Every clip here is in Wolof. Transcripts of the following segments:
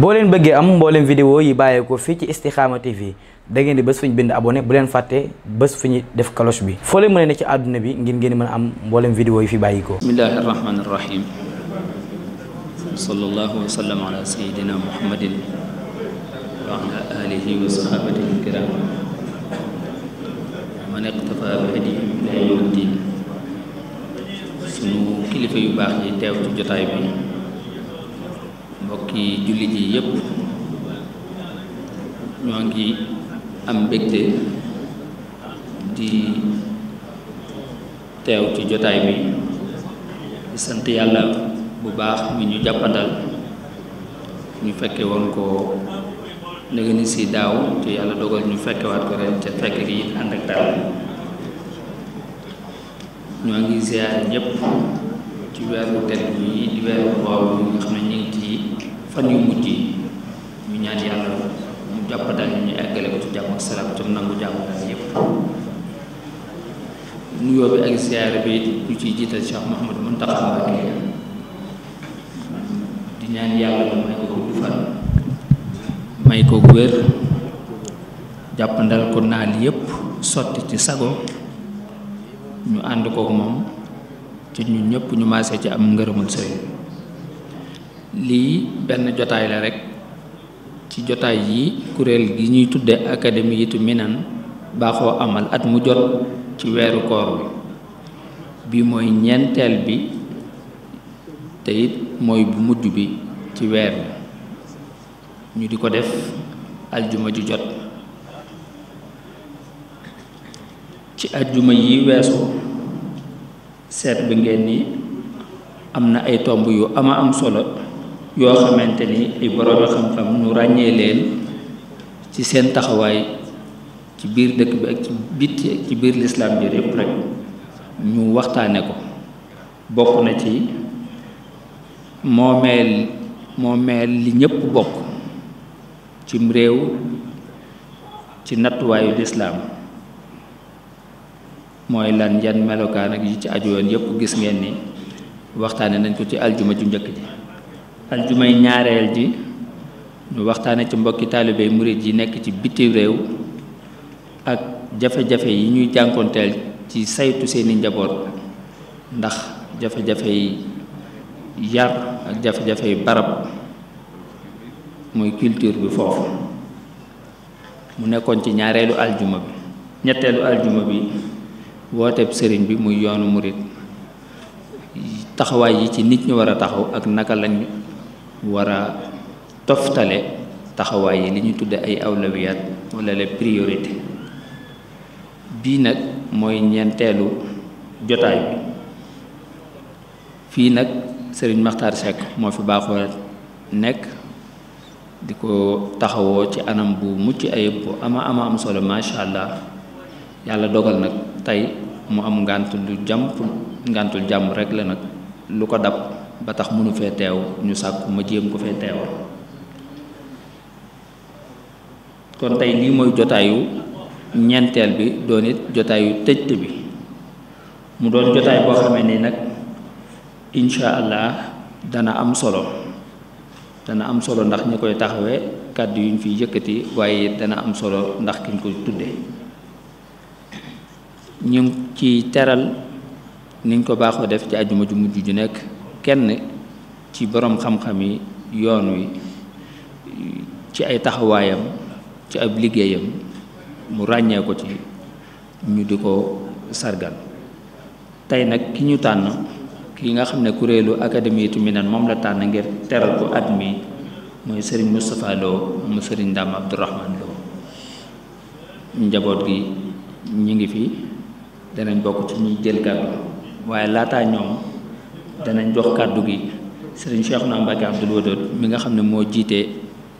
boo leen bëggee am mbooleem vidéo yi bàyyeekoo fii ci Istikhama TV da ngeen di bés fu ñu bind abonné bu leen fàttee bés fu ñu def cloche bi foo leen mën a ne ci àdduna bi ngir ngeen mën a am mbooleem vidéo yi fi bàyyikoo bismillahi arrahmani arrahim sallallahu wa sallam ala sayidina sunu kilifa yu baax yi teew ci jotaay bi mbokki jullit yi yëpp ñoo ngi am mbégte di teew ci jotaay bi sant yàlla bu baax mi ñu jàppandal ñu fekke woon ko léegi ni si daaw te yàlla dogal ñu fekkewaat ko ren ca fekk gi it ak daal ñoo ngi ziar ñëpp ci weeru tedd yi di weeru koor yi nga xam ne ñu ngi fan yu mujj yi ñu ñaan yàlla mu jàpp daal ñu eggale ko ci jàmm ak salaam te mu nangu jàmm daal yëpp nuyoo bi ak siyaare jiital Cheikh di ñaan yàlla mu may ko du fan may ko wér jàppandal ko naal yëpp sotti ci sago ñu ànd kook moom ci ñun ñëpp ñu maase ci am ngërëmul sëriñ lii benn jotaay la rekk ci jotaay yi kuréel gi ñuy tudde académie yitu minan baaxoo amal at mu jot ci weeru koor bi bi mooy ñeenteel bi te it mooy bu mujj bi ci weer ñu di ko def aljuma ju jot ci aljuma yi weesu seet bi ngeen ni am na ay tomb yu ama am solo yoo xamante ni ay xam-xam ñu ràññee leen ci seen taxawaay ci biir dëkk bi ak ci biir lislaam bi yépp rek ñu waxtaane ko bokk na ci moo moomeel li ñépp bokk cim réew ci nattuwaayu lislaam mooy lan yan melokaan ak yi ci aju woon yëpp gis ngeen ni waxtaane nañ ko ci aljuma ju njëkk ji aljumay ñaareel ji ñu waxtaane ci mbokki taalibe murit yi nekk ci biti réew ak jafe-jafe yi ñuy jànkoonteel ci saytu seeni njaboot ndax jafe-jafe yi yar ak jafe-jafe yi barab muy culture bi foofu mu nekkoon ci ñaareelu aljuma bi ñetteelu aljuma bi wooteeb sëriñ bi muy yoonu murit taxawaay yi ci nit ñi war a taxaw ak naka lañu war a toftale taxawaay yi li ñu tudde ay aw awlawiyat wala les priorités bii nag mooy ñeenteelu jotaay bi fii nag sëriñ Maxtaar Seck moo fi baaxoo nekk di ko taxawoo ci anam bu mucc ayib bu ama ama am solo macha allah yàlla dogal nag tey mu am ngàntul lu jàmm ngàntul jàmm rek la nag lu ko dab ba tax mënu fee teew ñu sàkku ma jéem ko fee teewal kon tey lii mooy jotaayu ñeenteel bi doon it jotaayu tëjt bi mu doon jotaay boo xamee ni nag incha allah dana am solo dana am solo ndax ñi koy taxawee kàddu ñu fi yëkkati waaye dana am solo ndax kiñ koy tuddee ñu ci teral niñ ko baaxoo def ci àjjuma ju mujj ju nekk kenn ci boroom xam-xam yi yoon wi ci ay taxawaayam ci ab liggéeyam mu ràññee ko ci ñu di ko sargan tey nag ki ñu tànn ki nga xam ne kuréelu académie tu Minane moom la tànn ngir teral ko at mi mooy sëriñ Moustapha Lo mu sëriñ Ndam Abdourahmane Lo njaboot gi ñu ngi fi danañ bokk ci ñuy jël kàddu waaye laataa ñoom danañ jox kàddu gi sëriñ Cheikhouna Mbacké Abdoul Wadoud mi nga xam ne moo jiite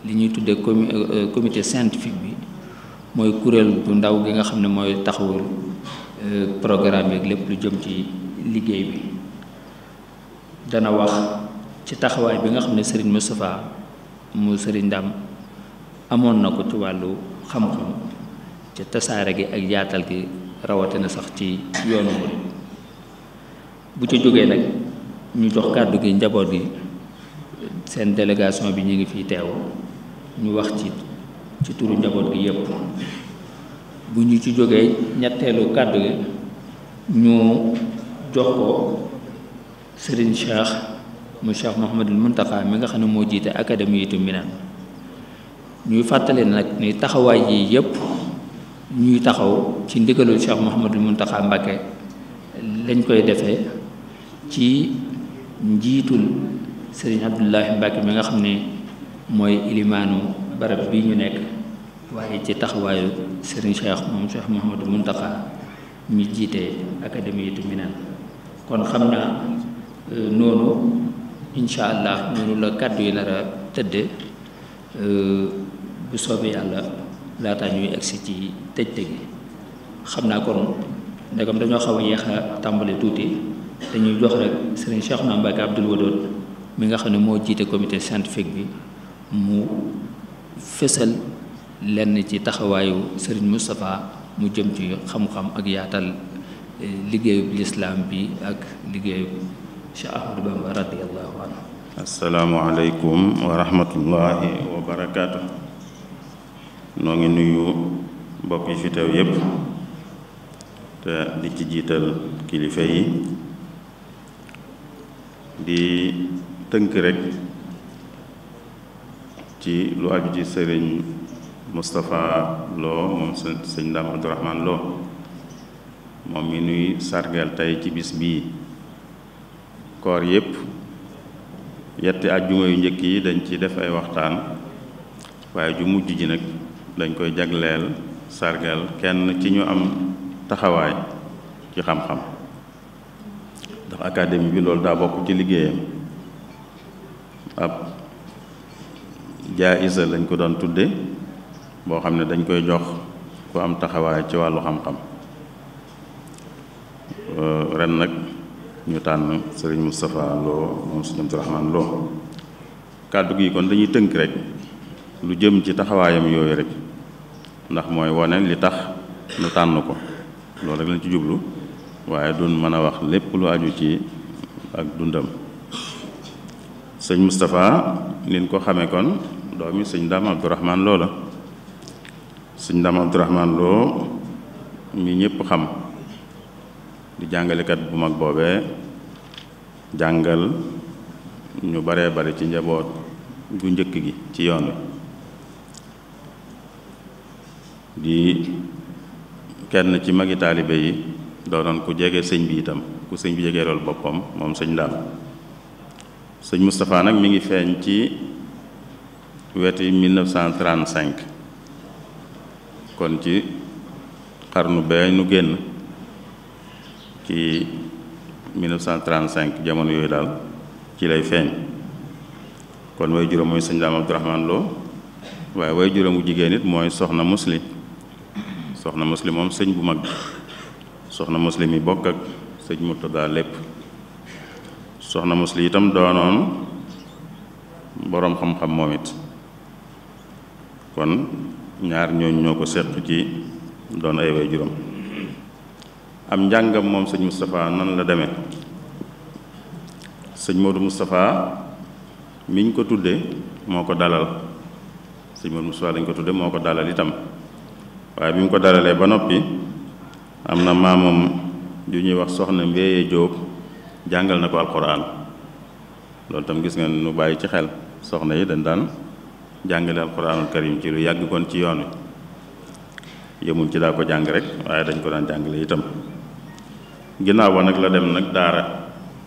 li ñuy tuddee comi euh, comité scientifique bi mooy kuréel bu ndaw gi nga xam ne mooy taxawul euh, programme yeeg lépp lu jëm ci liggéey bi dana wax ci taxawaay bi nga xam ne sëriñ Moustapha mu sëriñ Ndam amoon na ko ci wàllu xam-xam ci tasaare gi ak yaatal gi rawatina sax ci yoonu murid bu ca jógee nag ñu jox kàddu gi njaboot gi seen délégation bi ñu ngi fiy teew ñu wax ci ci turu njaboot gi yépp bu ñu ci jógee ñetteelu kàddu gi ñu jox ko Serigne Cheikh mu Cheikh Mouhamadul Mountakha mi nga xam ne moo jiite académie yitu Minane ñuy fàttali nag ni taxawaay yi yépp ñuy taxaw ci ndigalul Cheikh Mouhamadul Mountakha Mbacké lañ koy defee ci njiitul sëriñ Abdoulahi Mbacké mi nga xam ni mooy ilimaanu barab bi ñu nekk waaye ci taxawaayu sëriñ Cheikh moom Cheikh Mouhamadul Mountakha ñu jiite académie tu Minane kon xam naa euh, noonu incha allah noonu la kàddu yi nar a euh, bu soobee yàlla laataa ñuy egsi ci tëj tëj xam naa kon ndegam dañoo xaw a yéex a tàmbale tuuti dañuy jox rek sëriñ Cheikhouna Mbacké Abdoul Wadoud mi nga xam ne moo jiite comité scientifique bi mu fësal lenn ci taxawaayu sëriñ Moustapha mu jëm ci xam-xam ak yaatal eh, liggéeyub lislaam bi ak liggéeyub Cheikh Ahmadou Bamba radiyallahu anhu asalaamaaleykum wa rahmatullahi wa noo ngi nuyu mbokk yi fi yépp te di ci jiital kilifa yi di tënk rekk ci lu aju ci sëriñ Moustapha Lo moom sëñ Ndam Abdourahman Lo moom mi nuy sargal tey ci bis bi koor yépp yetti àjjuma yu njëkk yi dañ ci def ay waxtaan waaye ju mujj ji nag dañ koy jagleel sargal kenn ci ñu am taxawaay ci xam-xam ndax académie bi loolu daa bokk ci liggéeyam ab jaayisa lañ ko doon tudde boo xam ne dañ koy jox ku am taxawaay ci wàllu xam-xam ren nag ñu tànn sëriñ Moustapha Lo moom sëriñ kàddu gi kon dañuy tënk rek lu jëm ci taxawaayam yooyu rek ndax mooy wane li tax nu tànn ko loolu rek lañ ci jublu waaye duñ mën a wax lépp lu aju ci ak dundam sëñ mustafa liñ ko xamee kon doomi sëñ Dame Abdourahman Lo la sëñ Dame Abdourahman Lo mi ñëpp xam di jàngalekat bu mag boobee jàngal ñu baree bari ci njaboot gu njëkk gi ci yoon di kenn ci magi taalibe yi doonoon ku jege sëñ bi itam ku sëñ bi jege lool boppam moom sëñ ndaam sëñ Moustapha nag mi ngi feeñ ci weti 1935 kon ci xarnu bee nu génn ci 1935 jamono yooyu daal ci lay feeñ kon way juróom mooy sëñ Daam Abdourahman Lo waaye way juróomu jigéen it mooy soxna musli soxna muslim moom sëñ bu mag soxna muslim yi bokk sëñ sëñ Murtada lépp soxna muslim itam doonoon boroom xam-xam moom it kon ñaar ñooñ ñoo ko seq ci doon ay way juróom am njàngam moom sëñ Moustapha nan la deme sëñ Modou Moustapha miñ ko tuddee moo ko dalal sëñ Modou Moustapha lañ ko tuddee moo ko dalal itam waaye bi mu ko daralee ba noppi am na maamam ju ñuy wax soxna Mbéye Jóob jàngal na ko alxuraan loolu tam gis nga nu bàyyi ci xel soxna yi dañ daan jàngale alxuraanul karim ci lu yàgg koon ci yoon wi yëmuñ ci daa ko jàng rek waaye dañ ko daan jàngale itam ginnaaw ba nag la dem nag daara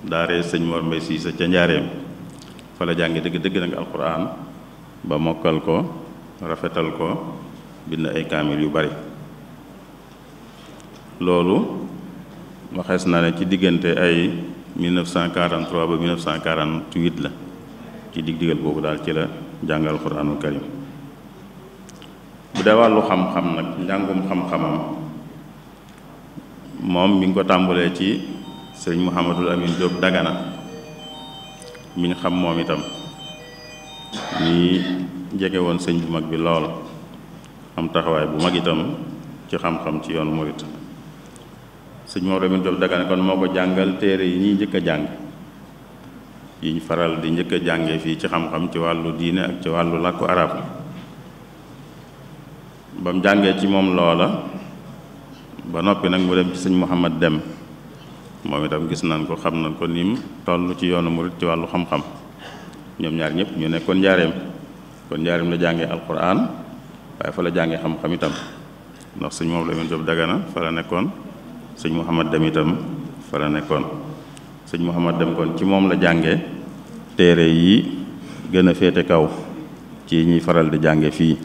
daaree sëñ Mor Mbay sa ca njaareem fa la jànge dëgg dëgg nag alxuraan ba mokkal ko rafetal ko bind ay kaamil yu bari loolu waxees naa ne ci diggante ay 1943 ba 1948 la ci dig digal boobu daal ci la jàngal alxuraanul karim bu dee wàllu xam-xam nag njàngum xam-xamam moom mi ngi ko tàmbalee ci sëriñ Mouhamadul Amin Diop Dagana mi ñu xam moom itam ñi jege woon sëñ bu mag bi lool am taxawaay bu mag itam ci xam-xam ci yoonu murit sëñ Maodo mi Jóob Dagana kon moo ko jàngal téere yi ñuy njëkk a jàng yi ñu faral di njëkk a jànge fii ci xam-xam ci wàllu diine ak ci wàllu làkku arab ba mu jàngee ci moom loola ba noppi nag mu dem ci sëñ Muhammad Dem moom itam gis nañ ko xam nañ ko nim toll ci yoonu murit ci wàllu xam-xam ñoom ñaar ñëpp ñu nekkoon njaareem kon njaareem la jàngee alquran waaye fa la jàngee xam-xam itam ndax sëñ moom la meen Jóob Dagana fa la nekkoon sëñ Mouhamad Dem itam fa nekkoon sëñ Mouhamad Dem kon ci moom la jànge téere yi gën a féete kaw ci ñuy faral di jànge fii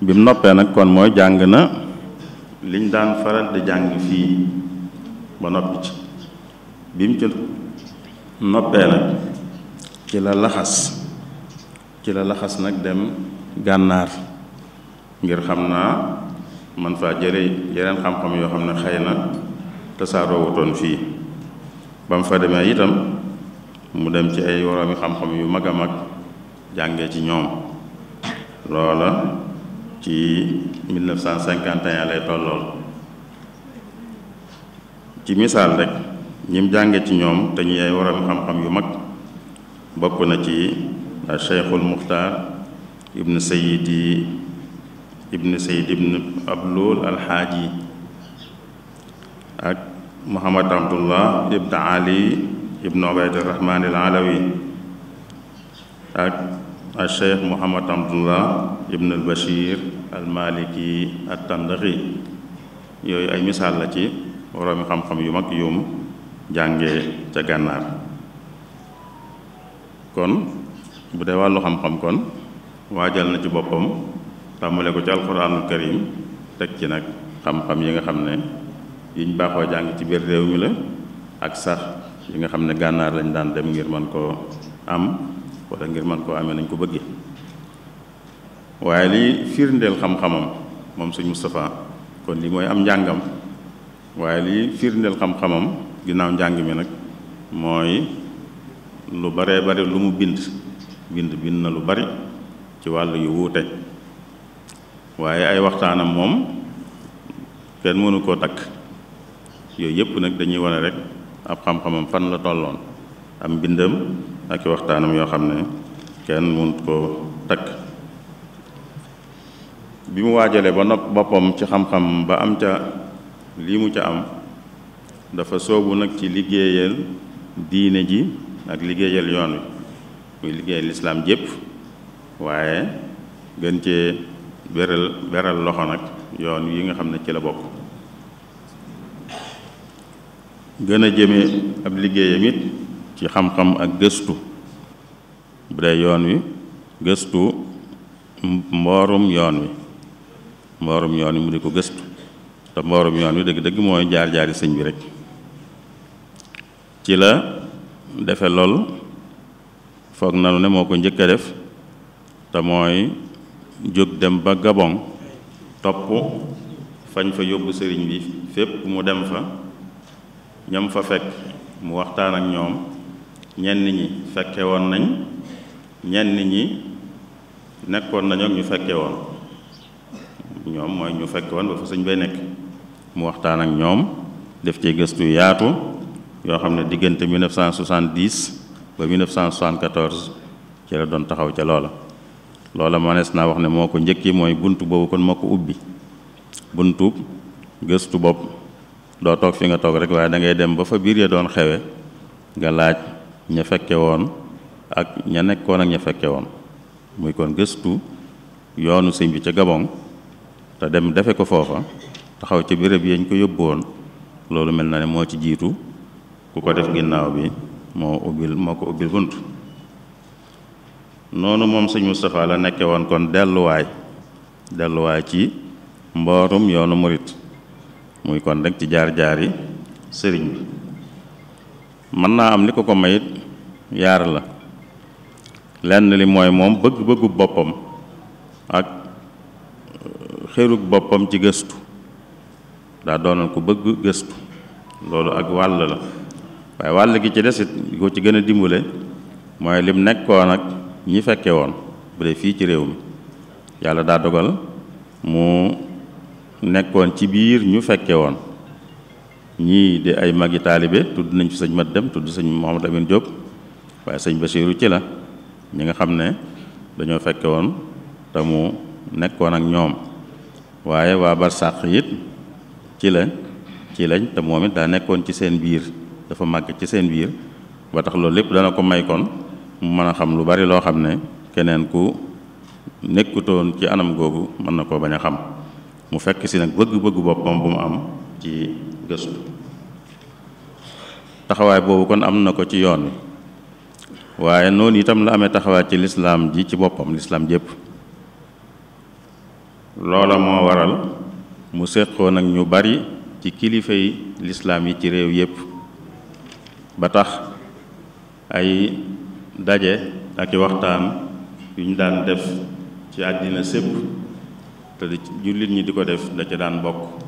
bim noppee nag kon mooy jàng na liñ daan faral di jàng fii ba noppi ci bi mu ci noppee nag ci la laxas ci la laxas nag dem gànnaar ngir xam naa man faa jëre yeneen xam-xam yoo xam ne xëy na tasaaroo wutoon fii ba mu fa demee itam mu dem ci ay woroomi xam-xam yu mag a mag jànge ci ñoom loola ci 1951 lay tollool ci misaal rek ñim jànge ci ñoom te ñuy ay woroomi xam-xam yu mag bokk na ci Cheikhul Muxtaar ibnu sayidi ibnu sayid ibnu ablul alxaaji ak muhammad abdullah ibnu ali ibnu ubaydirahman alalawi ak alcheikh muhammad abdullah ibnu albashir almaliki attandaxi yooyu ay misaal la ci waroomi xam-xam yu mag yum jàngee ca gànnaar kon bu dee wàllu xam-xam kon waajal na ci boppam tàmbale ko ci alxuraanul karim teg ci nag xam-xam yi nga xam ne yiñ baaxoo jàng ci biir réew mi la ak sax yi nga xam ne gànnaar lañ daan dem ngir man koo am wala ngir mën koo amee nañ ko bëggee waaye li firndeel xam-xamam moom sëñ Moustapha kon li mooy am njàngam waaye li firndeel xam-xamam ginnaaw njàng mi nag mooy lu baree bari lu mu bind bind bind na lu bari ci wàll yu wuute waaye ay waxtaanam moom kenn mënu koo takk yooyu yëpp nag dañuy wane rek ab xam-xamam fan la tolloon am mbindam ak waxtaanam yoo xam ne kenn mënut koo takk bi mu waajalee ba nopp boppam ci xam-xam ba am ca lii mu ca am dafa soobu nag ci liggéeyal diine ji ak liggéeyal yoon wi muy liggéey lislaam jépp waaye gën cee beral beral loxo nag yoon yi nga xam ne ci la bokk gën a jëme ab liggéeyam it ci xam-xam ak gëstu bu yoon wi gëstu mboorum yoon wi mboorum yoon wi mu di ko gëstu te mboorum yoon wi dëgg-dëgg mooy jaar-jaari sëñ bi rek ci la defe lool foog nanu ne moo ko njëkk a def te mooy jóg dem ba Gabon topp fañ fa yóbbu sëriñ bi fépp mu dem fa ñam fa fekk mu waxtaan ak ñoom ñenn ñi fekke woon nañ ñenn ñi nekkoon nañu ñu fekke woon ñoom mooy ñu fekke woon ba fa sëñ bay nekk mu waxtaan ak ñoom def ci gëstu yaatu yoo xam ne diggante 1970 ba 1974 ci la doon taxaw ca loola loola manees naa wax ne moo ko njëkki mooy bunt boobu kon moo ko ubbi buntu gëstu bopp doo toog fi nga toog rek waaye da ngay dem ba fa biir ya doon xewe nga laaj ña fekke woon ak ña nekkoon ak ña fekke woon muy kon gëstu yoonu sëñ bi ca Gabon te dem defe ko foofa taxaw ca béréb yañ ko yóbbu loolu mel na ne moo ci jiitu ku ko def ginnaaw bi moo ubbil moo ko ubbil bunt noonu moom sëñ Moustapha la nekke woon kon delluwaay delluwaay ci mboorum yoonu murit muy kon rek ci jaar-jaar sëriñ bi mën naa am li ko ko mayit yaar la lenn li mooy moom bëgg-bëggu boppam ak euh, xeluk boppam ci gëstu daa doonoon ko bëgg gëstu loolu ak wàll la waaye wàll gi ci desit ko ci gën a dimbale mooy lim nekkoon ak ñi fekke woon bu dee fii ci réew mi yàlla daa dogal mu nekkoon ci biir ñu fekke woon ñii di ay magi taalibe tudd nañ fi sëñ Mat Dem tudd sëñ Mouhamad Amin jóg waaye sañ Bachirou ci la ñi nga xam ne dañoo fekke woon te mu nekkoon ak ñoom waaye waa sàq yit ci la ci lañ te moom it daa nekkoon ci seen biir dafa màgg ci seen biir ba tax loolu lépp dana ko may kon mu mën a xam lu bari loo xam ne keneen ku nekkutoon ci anam googu mën na ko bañ a xam mu fekk si nag bëgg-bëgg boppam bu mu am ci gëstu taxawaay boobu kon am na ko ci yoon wi waaye noonu itam la amee taxawaay ci lislaam ji ci boppam lislaam jépp loola moo waral mu séqoo nag ñu bari ci kilifa yi lislaam yi ci réew yépp ba tax ay daje ak waxtaan yu ñu daan def ci àddina sépp te di jullit ñi di ko def da ca daan bokk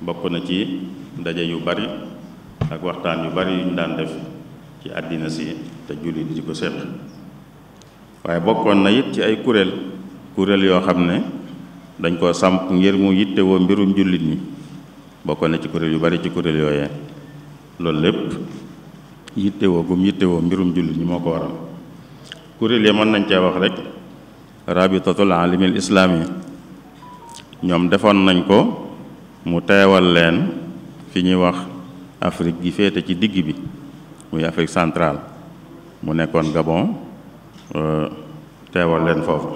bokk na ci daje yu bari ak waxtaan yu bari yu ñu daan def ci àddina si te jullit di ko sépp waaye bokkoon na it ci ay kuréel kuréel yoo xam ne dañ koo samp ngir mu yittewoo mbirum jullit ñi bokkoon na ci kuréel yu bari ci kuréel yooyee loolu lépp yittewoo gum yittewoo mbirum jullit ñi moo ko waral kuréel ya mën nañ cee wax rek rabitatul islaam yi ñoom defoon nañ ko mu teewal leen fi ñuy wax Afrique gi féete ci digg bi muy Afrique centrale mu nekkoon Gabon euh, teewal leen foofu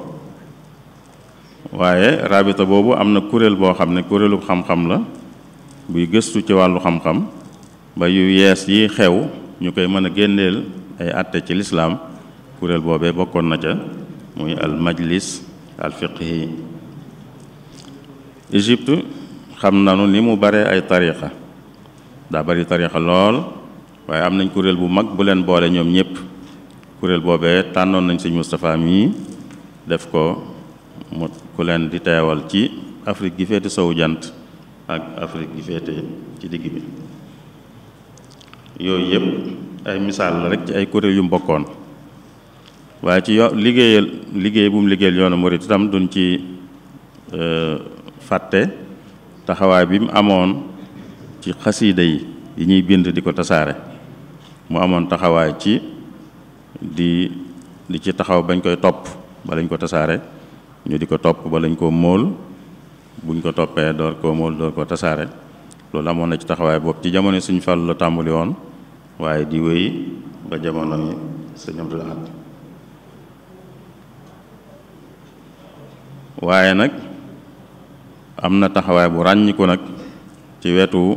waaye rabita boobu am na kuréel boo xam ne kuréelu xam-xam la buy gëstu ci wàllu xam-xam ba yu yees yi xew ñu koy mën a génneel ay àtte ci lislaam kuréel boobee bokkoon na ca muy al majlis al fiqhi Égypte xam na nu ni mu bare ay tarixa daa bari tarixa lool waaye am nañ kuréel bu mag bu leen boole ñoom ñëpp kuréel boobee tànnoon nañ sëñ Moustapha mii def ko mu ku leen di teewal ci Afrique gi féete sow jant ak Afrique gi féete ci digg bi yooyu yëpp ay misaal la rek ci ay kuréel yu mu bokkoon waaye ci yo liggéeyal liggéey bu mu liggéeyal yoonu murit itam duñ ci euh, fàtte taxawaay bi mu amoon ci xasiida yi yi ñuy bind di ko tasaare mu amoon taxawaay ci di di ci taxaw bañ koy topp ba ko tasaare ñu di ko topp ba lañ ko móol buñ ko toppee door koo móol door ko tasaare loolu amoon na ci taxawaay boobu ci jamono suñ fàllu la tàmbali woon waaye di wéy ba jamono yi sëñ Abdul waaye nag am na taxawaay bu ràññiku nag ci wetu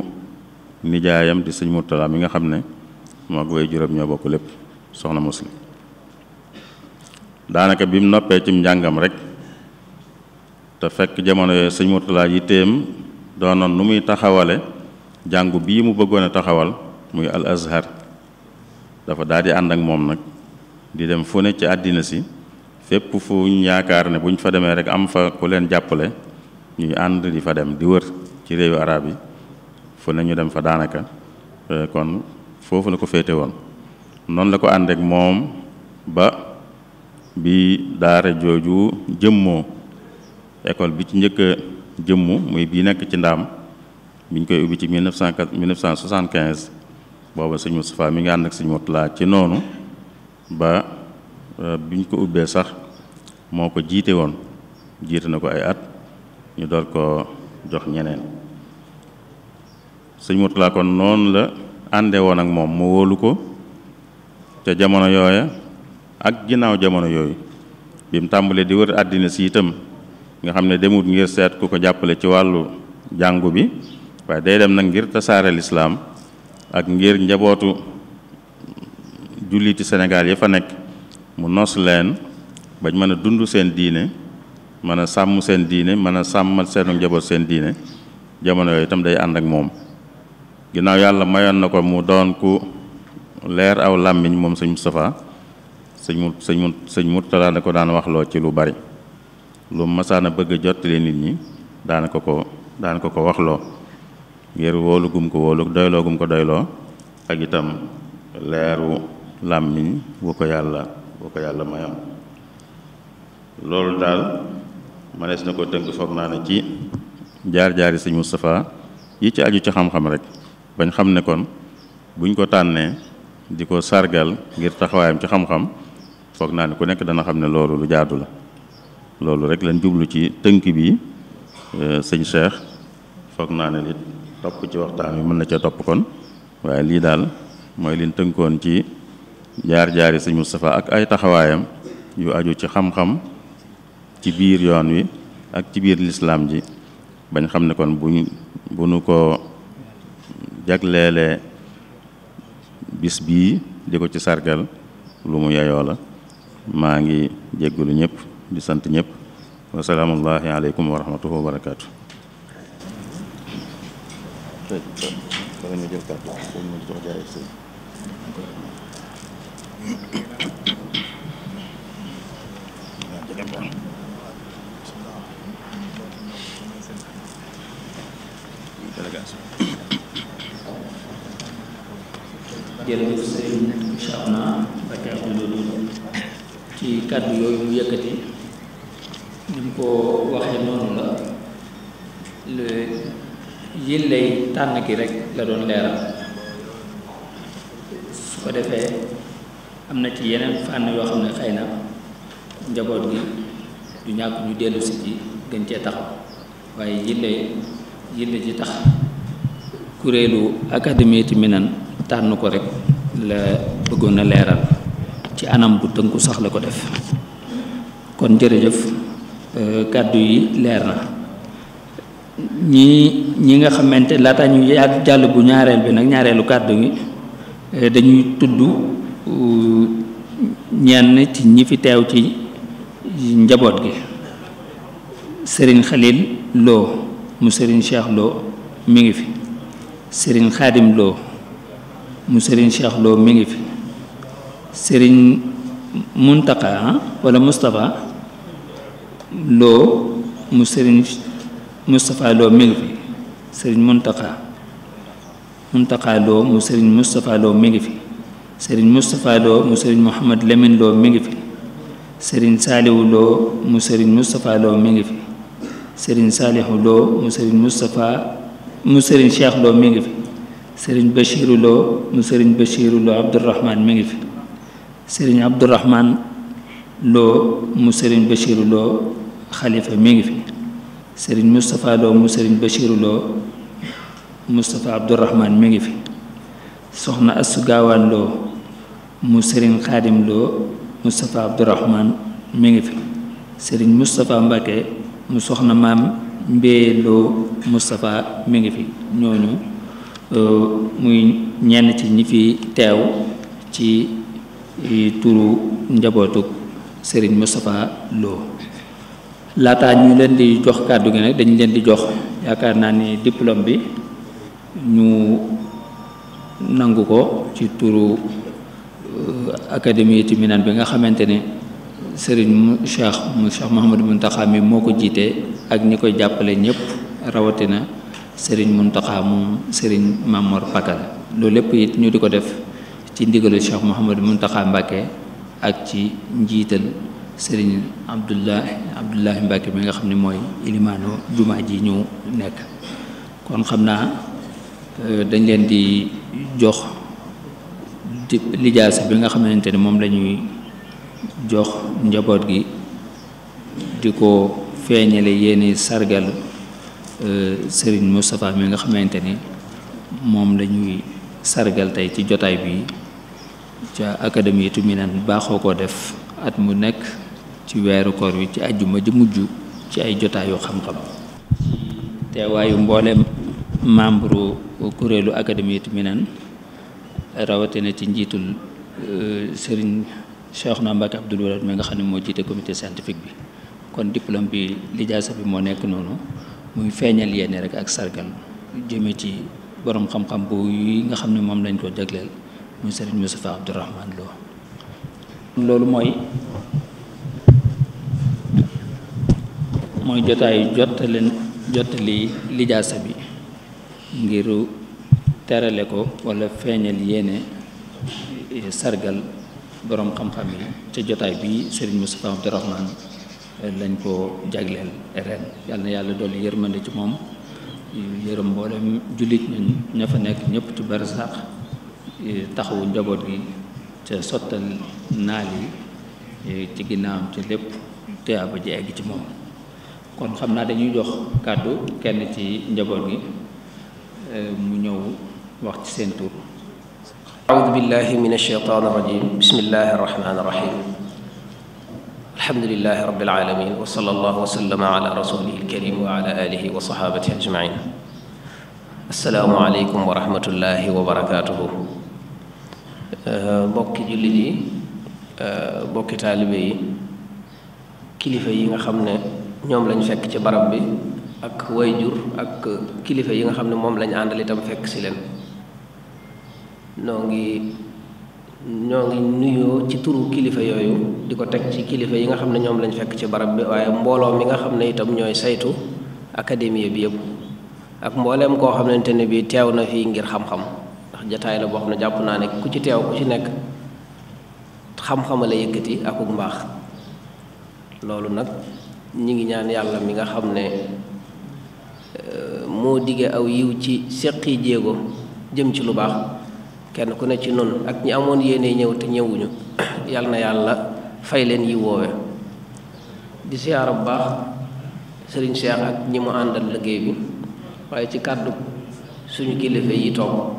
nijaayam di sëñ Murtala mi nga xam ne moo wéy juróom ñoo bokk lépp soxna muslim daanaka bim mu noppee cim njàngam rek te fekk jamono yooyu sëñ Murtala yi doonoon nu muy taxawale jàngu bii mu bëggoon a taxawal muy al azhar dafa daal di ànd ak moom nag di dem fu ne ci àddina si fépp fu ñu yaakaar ne bu ñu fa demee rek am fa ku leen jàppale ñuy ànd di fa dem di wër ci réewu arab yi fu ne ñu dem fa daanaka e, kon foofu la ko féete woon noonu la ko ànd ak moom ba bi daara jooju jëmmoo école bi ci njëkk jëmm muy bii nekk ci ndaam biñ koy ubbi ci 1975 booba sëñ Moustapha mi ngi ànd ak sëñ Moutala ci noonu ba euh, biñ ko ubbee sax moo ko jiite woon jiite na ko ay at ñu door ko jox ñeneen sëñ Moutala kon noonu la ànde woon ak moom mu wóolu ko ca jamono yooya ak ginnaaw jamono yooyu bi mu tàmbalee di wër àddina si itam nga xam ne demut ngir seet ku ko jàppale ci wàllu jàngu bi waaye day dem nag ngir tasaare lislaam ak ngir njabootu julliti Sénégal yi fa nekk mu nos leen bañ mën a dund seen diine mën a sàmm seen diine mën a sàmmal seenu njaboot seen diine jamono yooyu itam day ànd ak moom ginnaaw yàlla mayoon na ko mu doon ku leer aw làmmiñ moom sëñ Moustapha sëñ mu sëñ mu sëñ Murtala da ko daan waxloo ci lu bari lu masaan a bëgg a jottali nit ñi daana ko ko ko ko waxloo ngir wóolugum ko woolu wóolu gum ko doyloo ak itam leeru làmmiñ wu ko yàlla wu ko yàlla mayoon loolu daal mënees na ko tënk foog naa ne ci jaar-jaari sëñ Moustapha yi ci aju ci xam-xam rek bañ xam ne kon buñ ko tànnee di ko sargal ngir taxawaayam ci xam-xam foog naa ne ku nekk dana xam ne loolu lu jaadu la loolu rekk lañ jublu ci tënk bi euh, sëñ Cheikh foog naa ne nit topp ci waxtaan wi mën na ca topp kon waaye lii daal mooy leen tënkoon ci jaar-jaari sëñ Moustapha ak ay taxawaayam yu aju ci xam-xam ci biir yoon wi ak ci biir lislaam ji bañ xam ne kon bu nu ko jagleele bis bii di ko ci sargal lu mu yeyoo la maa ngi jéggulu ñépp di sant ñëpp wa salaamullahi aleykum wa wa barakaatu jërëjëf kàddu yooyu yëkkati ni mu ko waxee noonu la le yillay tànn gi rek la doon leeral su ko defee am na ci yeneen fànn yoo xam ne xëy na njaboot gi du ñàkk ñu dellusi si ci gën cee taxaw waaye yillay yilla ji tax kuréelu académie ti minan tànn ko rek la bëggoon leeral ci anam bu tënku sax la ko def kon jërëjëf Euh, kàddu yi leer na ñii ñi nga xamante laata ñu yàgg jàll bu ñaareel bi nag ñaareelu kàddu gi euh, dañuy tudd euh, ñenn ci ñi fi teew ci njaboot gi sëriñ Xalil Lo mu sëriñ Cheikh Lo mi ngi fi sëriñ Xaadim Lo mu sëriñ Cheikh Lo mi ngi fi sëriñ Muntaka ah, wala Moustapha loo mu sëriñ Moustapha loo mi ngi fi sëriñ Muntaxa Muntaxa loo mu sëriñ Moustapha loo mi ngi fi sëriñ Moustapha loo mu sëriñ Mouhamad Lamine loo mi ngi fi sëriñ Saalihu loo mu sëriñ Moustapha loo mi ngi fi sëriñ Saalihu loo mu sëriñ Moustapha mu sëriñ Cheikh loo mi ngi fi sëriñ Bachiru loo mu sëriñ Bachiru loo Abdourahman mi ngi fi sëriñ Abdourahman loo mu sëriñ Bachiru loo xalifa mi ngi fi sëriñ Moustapha Lo mu sëriñ Bachirou Lo Moustapha Abdourahman mi ngi fi soxna Assu Gaawaan Lo mu sëriñ Xaadim Lo Moustapha Abdourahman mi ngi fi sëriñ Moustapha Mbacke mu soxna maam Mbéye Lo Moustapha mi ngi fi ñooñu euh, muy ñenn ci ñi fi teew ci euh, turu njabootuk sëriñ Moustapha Lo laataa ñu leen di jox kàddu gi nag dañ leen di jox yaakaar naa ni diplôme bi ñu nangu ko ci turu euh, académie Minane bi nga xamante ne sëriñ mu Cheikh mu Cheikh Mouhamadou Mountakha mi moo ko jiite ak ñi koy jàppale ñëpp rawatina sëriñ Mountakha moom sëriñ Mamor loolu lépp it ñu di ko def ci ndigalu Cheikh Mouhamadou Mountakha Mbacké ak ci njiital. sëriñ Abdoulaye Abdoulaye Mbacke mi nga xam ne mooy ilimaano jumaa ji ñu nekk kon xam naa euh, dañ leen di jox lijaasa bi nga xamante ne moom la ñuy jox njaboot gi di ko feeñale yéeni sargal euh, sëriñ Moustapha bi nga xamante ni moom la ñuy sargal tey ci jotaay bi ca académie tu baaxoo koo def at mu nekk ci weeru kor wi ci àjjuma ji mujj ci ay jotaayu xam-xam teewaayu mboolem membre kuréelu académie Minane rawatina ci njiitul euh, Serigne Cheikhouna Mbacké Abdoul Wahab mi nga xam ne moo jiite comité scientifique bi kon diplôme bi lijaasa bi moo nekk noonu muy feeñal yenn rek ak sargal jëme ci borom xam-xam bu yi nga xam ne moom lañ ko jagleel muy Serigne Moustapha Abdourahmane Lo loolu mooy mooy jotaay jottalen jottali lijaasa bi ngir terale ko walla feeñal yéene eh, sargal boroom xam-xam yi ca jotaay bi Serigne Moustapha Abdourahmane eh, lañ ko jagleel ren yàlla na yàlla dolli yërmande ci moom yërëm mboolem jullit ñun ña fa nekk ñëpp ci barsax eh, taxawu njaboot yi ca sottal naal yi ci ginnaawam ci lépp te aba egg ci moom kon xam naa dañuy jox kàddu kenn ci njaboot gi mu ñëw wax ci seen tur أعوذ بالله من الشيطان الرجيم بسم الله الرحمن الرحيم الحمد لله رب العالمين وصلى الله وسلم على رسوله الكريم وعلى آله وصحابته أجمعين السلام عليكم ورحمة الله وبركاته bokki jullit yi bokki taalibe yi kilifa yi nga xam ne ñoom lañu fekk ci barab bi ak wayjur ak kilifa yi nga xam ne moom lañu àndal itam fekk si leen noo ngi ñoo ngi nuyoo ci turu kilifa yooyu di ko teg ci kilifa yi nga xam ne ñoom lañ fekk ci barab bi waaye mbooloo mi nga xam ne itam ñooy saytu académie bi yépp ak mbooleem koo xamante ne bii teew na fii ngir xam-xam ndax jataay la boo xam ne jàpp naa ne ku ci teew ku ci nekk xam-xama la yëkkati akuk mbaax loolu nag ñi ngi ñaan yàlla mi nga xam ne moo dige aw yiw ci séqi jéego jëm ci lu baax kenn ku ne ci noonu ak ñi amoon yéene ñëw te ñëwuñu yàlla na yàlla fay leen yi woowe di siyaara bu baax sëriñ Cheikh ak ñi mu àndal liggéey bi waaye ci kàddu suñu kilifa yi toog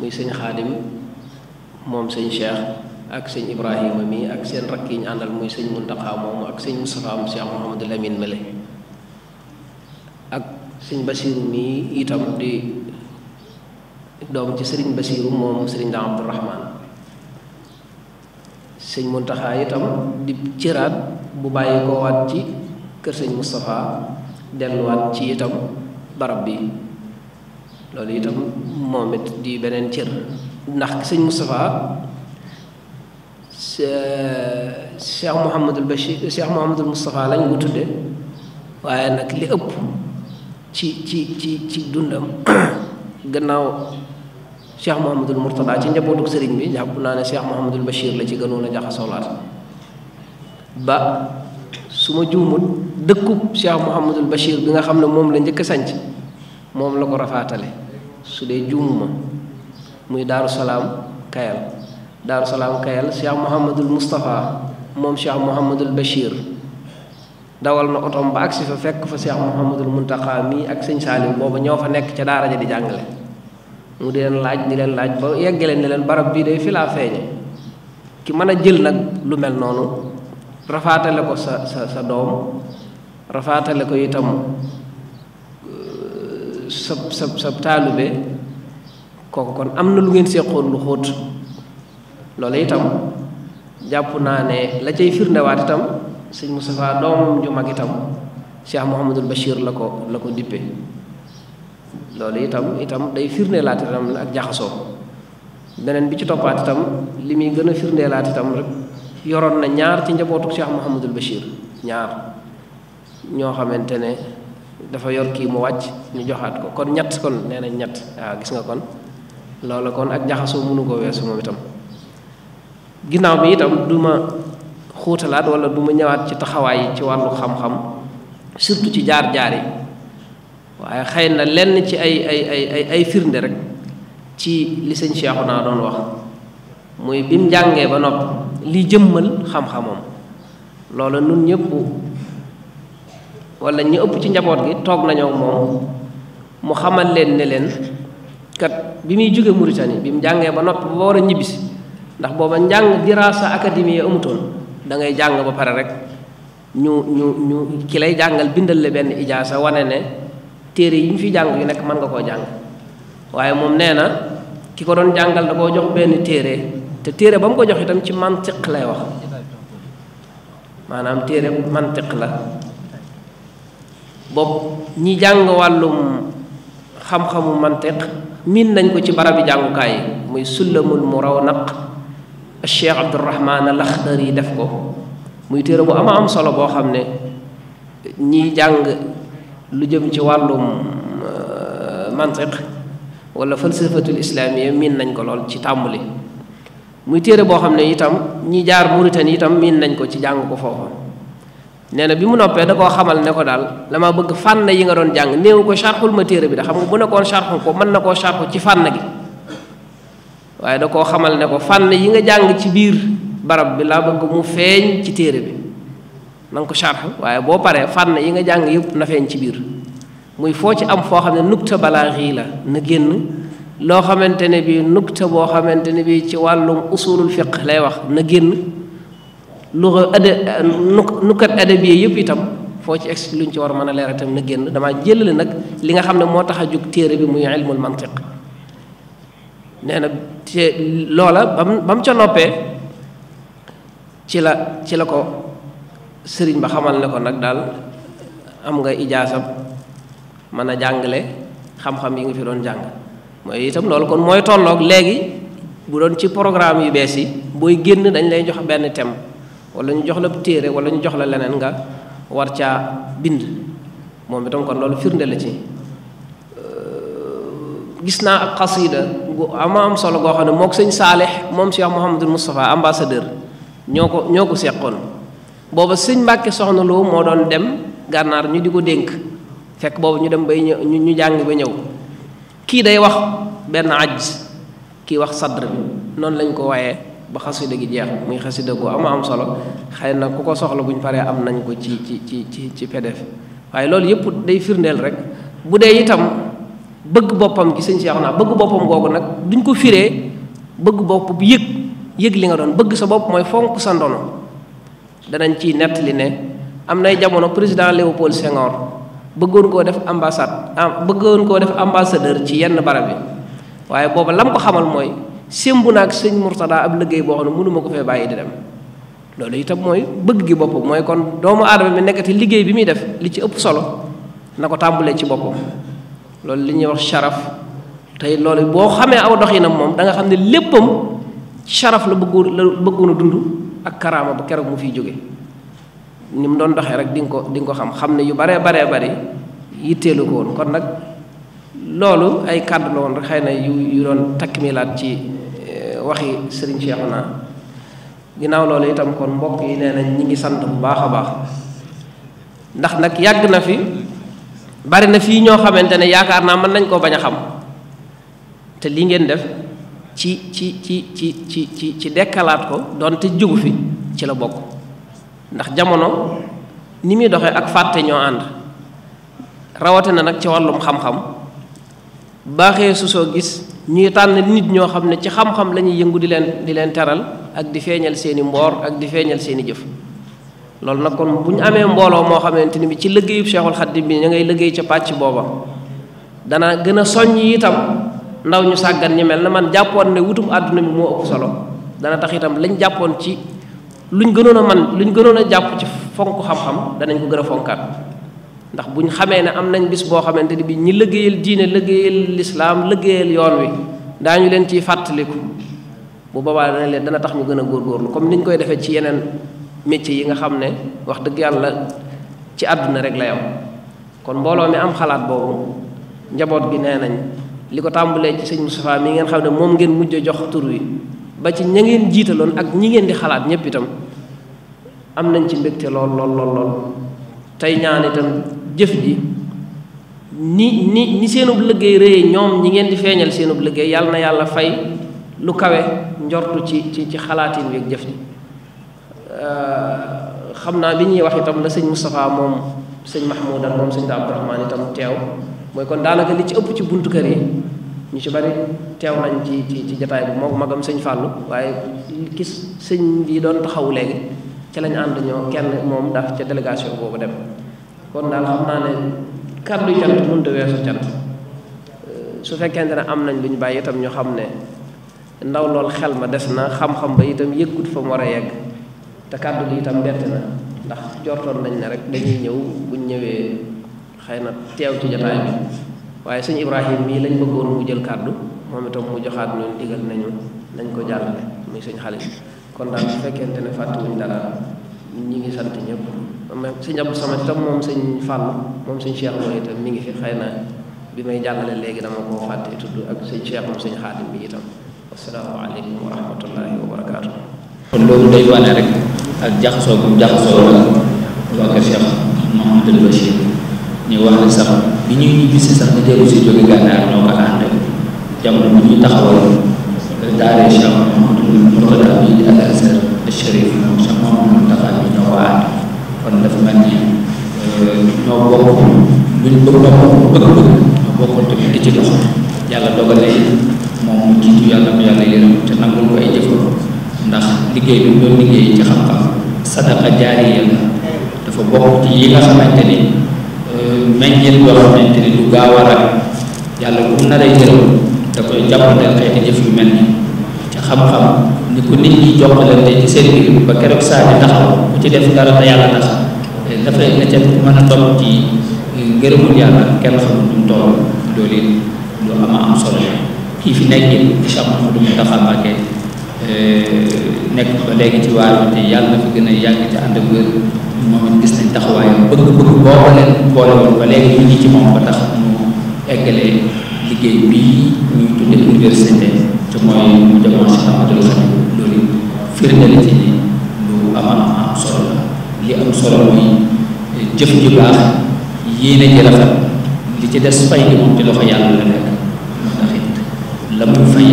muy sëñ xaadim moom sëñ Cheikh ak sëñ Ibrahima mi ak seen rakk yi àndal muy sëñ Muntaxa moomu ak sëñ Moustapha am Cheikh Mouhamadou Lamine Mele ak sëñ Basiiru mii itam di doom ci sëriñ Basiiru moom daam Daa Abdourahman sëñ Muntaxa itam di cëraat bu bàyyi koo waat ci kër sëñ Moustapha delluwaat ci itam barab bi loolu itam moom it di beneen cër ndax sëñ Moustapha Cheikh Mouhamadul Bachir Cheikh Mouhamadul Moustapha lañu ko tudde waaye nag li ëpp ci ci ci ci dundam gannaaw Cheikh Mouhamadul Mourtada ci njabootu sëriñ bi jàpp naa ne Cheikh Mouhamadul Bachir la ci gënoon a jaxasoolaat ba su ma juumut dëkkub Cheikh Mouhamadul Bachir bi nga xam ne moom la njëkk a sanc moom la ko rafaatale su dee juumuma muy Daaru Salaam Kayal daaru salaam kayal cheikh mouhamadul moustapha moom cheikh mouhamadul bachir dawal na otom ba agsi fa fekk fa cheikh mouhamadul muntaqa mii ak sëñ saalim booba ñoo fa nekk ca daara ja di jàngale mu di laaj di leen laaj ba yeggale ne leen barab bii day fi laa feeñe ki mën a jël nag lu mel noonu rafaatale ko sa sa sa doom rafaatale ko itam euh, sa sa sa taalube kooku kon am na lu ngeen seqoon lu xóot loolu itam jàpp naa ne la ciy firndewaat itam sëñ Moustapha doomam ju mag itam Cheikh Mouhamadul Bachir la ko la ko dippe loolu itam itam day firndeelaat itam ak jaxasoo beneen bi ci toppaat itam li muy gën a firndeelaat itam rek yoroon na ñaar ci njabootu Cheikh Mouhamadul Bachir ñaar ñoo xamante ne dafa yor kii mu wàcc ñu joxaat ko kon ñett kon nee ñett waaw gis nga kon loola kon ak jaxasoo mënu ko weesu moom itam ginnaaw bi itam du ma xuutalaat wala du ma ñëwaat ci taxawaay yi ci wàllu xam-xam surtout ci jaar-jaar yi waaye xëy na lenn ci ay ay ay firnde rek ci li sëñ naa doon wax muy bim mu jàngee ba noppi li jëmmal xam-xamam loola nun ñëpp wala ñu ëpp ci njaboot gi toog nañoo moom mu xamal leen ni leen kat bi muy jógee Mauritanie bi mu jàngee ba noppi ba war a ñibbisi ndax booba njàng diraasa académie amutoon da ngay jàng ba pare rek ñu ñu ñu ki lay jàngal bindal la benn ijaasa wane ne téere yi ñu fi jàng yu nekk mën nga koo jàng waaye moom nee na ki ko doon jàngal da koo jox benn téere te téere ba mu ko jox itam ci mantiq lay wax maanaam téere mantiq la bopp ñi jàng wàllum xam-xamu mantiq miin nañ ko ci barabi jàngukaay yi muy sullamul mu raw naq cheikh abdurahman alaxdar yi def ko muy téere bu ama am solo boo xam ne ñiy jàng lu jëm ci wàllum euh, mantiq wala falsafatul islaamiya miin nañ ko lool ci tàmbuli muy téere boo xam ne itam ñi jaar Mauritanie itam miin nañ ko ci jàng ko foofa nee na bi mu noppee da koo xamal ne ko daal dama bëgg fànn yi nga doon jàng néew ko charxul ma téere bi da xam nga bu nekkoon charxu ko mën na koo charxu ci fànna gi waaye da koo xamal ne ko fànn yi nga jàng ci biir barab bi laa bëgg mu feeñ ci téere bi na nga ko sharx waaye boo paree fànn yi nga jàng yépp na feeñ ci biir muy foo ci am foo xam ne nukta balaaxi la na génn loo xamante ne bii nukta boo xamante ne bii ci wàllum usulul fiq lay wax na génn lu ada nukkat adabiye yëpp itam foo ci ex luñ ci war a mën a leer itam na génn damaa jëlale nag li nga xam ne moo tax a jóg téere bi muy ilmul mantiq nee na te loola bam ba mu ca noppee ci la ci la ko sëriñ ba xamal ne ko nag daal am nga ijaasam mën a jàngale xam-xam yi nga fi doon jàng mooy itam loolu kon mooy tolloog léegi bu doon ci programme yi bees yi booy génn dañ lay jox benn thème wala ñu jox la téere wala ñu jox la leneen nga war ca bind moom itam kon loolu firnde la ci gis naa ak xasida ama am solo goo xam ne mook sëñ saalix moom si Cheikh Mouhamadul Moustapha ambassadeur ñoo ko ñoo ko seqoon booba sëñ Mbàkke soxna Lo moo doon dem gànnaar ñu di ko dénk fekk boobu ñu dem bay ñëw ñu jàng ba ñëw kii day wax benn ajj kii wax sadr bi noonu lañ ko waaye ba xasida gi jeex muy xasida gu ama am solo xëy na ku ko soxla bu paree am nañ ko ci ci ci ci ci PDF waaye loolu yëpp day firndeel rek bu dee itam bëgg boppam gi sëñ Cheikh naa bëgg boppam boobu nag duñ ko firee bëgg bopp bu yëg yëg li nga doon bëgg sa bopp mooy fonk sa ndono danañ ciy nettali ne am nay jamono président Léopold Senghor bëggoon koo def ambassade bëggoon koo def ambassadeur ci yenn barab yi waaye booba lam ko xamal mooy sémbu naag sëñ Mourtada ab liggéey boo xam ne mënuma ko fee bàyyi di dem loolu itam mooy bëgg gi boppam mooy kon doomu aadama bi nekkati liggéey bi muy def li ci ëpp solo na ko tàmbulee ci boppam loolu li ñuy wax sharaf tey loolu boo xamee aw dox yi nag moom danga xam ne léppam sharaf la bëggoon la bëggoon a dund ak karaama ba keroog mu fiy jóge ni mu doon doxee rek dinga ko di ko xam xam ne yu baree baree bari yitteelu ko woon kon nag loolu ay kàddu la woon rek xëy na yu yu doon takmilaat ci eh, waxi Serigne Cheikhouna ginnaaw loolu itam kon mbokk yi nee nañ ñi ngi sant bu baax a baax ndax nag yàgg na fi bari na fii ñoo xamante ne yaakaar naa mën nañ koo bañ a xam te li ngeen def ci ci ci ci ci ci ci dekkalaat ko doonte jógu fi ci la bokk ndax jamono ni muy doxee ak fàtte ñoo ànd rawate na nag ci wàllum xam-xam baaxee su soo gis ñuy tànn nit ñoo xam ne ci xam-xam la yëngu di leen di leen teral ak di feeñal seeni mboor ak di feeñal seeni jëf loolu nag kon bu ñu amee mbooloo moo xamante ni bi ci liggéeyub Cheikhul Khadim bi ña ngay liggéey ca pàcc booba dana gën a soññ itam ndaw ñu sàggan ñi mel na man jàppoon ne wutum àdduna bi moo ëpp solo dana tax itam lañ jàppoon ci luñ gënoon a man luñ gënoon a jàpp ci fonk xam-xam danañ ko gën a fonkaat ndax bu ñu xamee ne am nañ bis boo xamante ni bii ñu liggéeyal diine liggéeyal lislaam liggéeyal yoon wi daañu leen ciy fàttaliku bu boobaa dana leen dana tax ñu gën a góorgóorlu comme niñ koy defee ci yeneen métier yi nga xam ne wax dëgg yàlla ci àdduna rek la yam kon mbooloo mi am xalaat boobu njaboot gi nee nañ li ko tàmbalee ci sëñ Moustapha mi ngeen xam ne moom ngeen mujj jox tur wi ba ci ña ngeen jiitaloon ak ñi ngeen di xalaat ñëpp itam am nañ ci mbégte lool lool lool tey ñaan itam jëf ji ni ni ni seenub liggéey réye ñoom ñi ngeen di feeñal seenub liggéey yàlla na yàlla fay lu kawe njortu ci ci ci xalaatin wi jëf ji Euh, xam naa bi ñuy wax itam la sëñ Moustapha moom sëñ Mahmoud ak moom sëñ da Abdourahmane itam teew mooy kon daanaka li ci ëpp ci buntu kër yi ñu ci bari teew nañ ci ci ci jataay bi moo magam sëñ fàllu waaye ki sëñ bi doon taxawu léegi ci lañ ànd ñoo kenn moom daf ca délégation boobu dem kon daal xam naa ne kàddu cant mënut a weesu cant euh, su fekkente ne am nañ lu ñu bàyyi itam ñu xam ne ndaw lool xel ma des na xam-xam ba itam yëggut fa mu war a yegg te kàddu gi itam bett na ndax jortoon nañ ne rek dañuy ñëw buñ ñëwee xëy na teew ci jataay bi waaye sëñ Ibrahim mii lañ bëggoon mu jël kàddu moom itam mu joxaat ñun nañu nañ ko jàllale muy sëñ xale kon daal bu fekkente ne fàttewuñ dara ñi ngi sant ñëpp même sëñ Abdou Samad moom sëñ Fall moom sëñ Cheikh mooy itam mi ngi fi xëy na bi may jàllale léegi dama koo fàtte tudd ak sëñ Cheikh moom sëñ Xaadim bi itam asalaamaaleykum wa rahmatullahi wa kon loolu day wane rek ak jaxasoo bu jaxasoo la waa kër Cheikh Mouhamadul Bachir ñu wax ne sax bi ñuy ñibbi si sax nga jëlu si jóge gànnaar ñoo ko ànd jamono bi ñuy taxawal daare Cheikh Mouhamadul Mourtada bi ak Azhar Chérif moom Cheikh Mouhamadul Mourtada bi ñoo ko ànd kon dafa euh, bokk luñ bëgg ñoo ñoo bokkoon tamit di ci dox yàlla dogalee moom mu jiitu yàlla mu yàlla yërëm te nangul ko ay jëfam ndax liggéey bi mu doon liggéey ci xam-xam sadaqa jaariya la dafa bokk ci yi nga xamante ni euh, meññeel boo xamante ni du gaaw rag yàlla bu mu naree jël da koy jàppandal xeeti jëf yu mel ni ci xam-xam ni ko nit ñi jokkalante ci seen biir ba keroog saa di taxaw ku ci def dara te yàlla tax eh, dafay nga ca mën a topp ci eh, ngërëmul yàlla kenn xamul nu mu toll loolu it lu am am solo kii fi nekk it incha allah du mu taxaw Eh, nekk ba léegi ci waaye te yàlla na fi gën a yàgg te ànd ak wér moom it gis nañ taxawaayam bëgg-bëgg boo boole woon ba léegi ñu ngi ci moom ba tax mu eggalee liggéey bii ñuy tudde université te mooy mu jamoon si xamatul xam loolu firndeel ci ni lu amal am solo la li am solo mooy jëf ju baax yéene ji rafet li ci des fay gi moom ci loxo yàlla la nekk ndax it la muy fay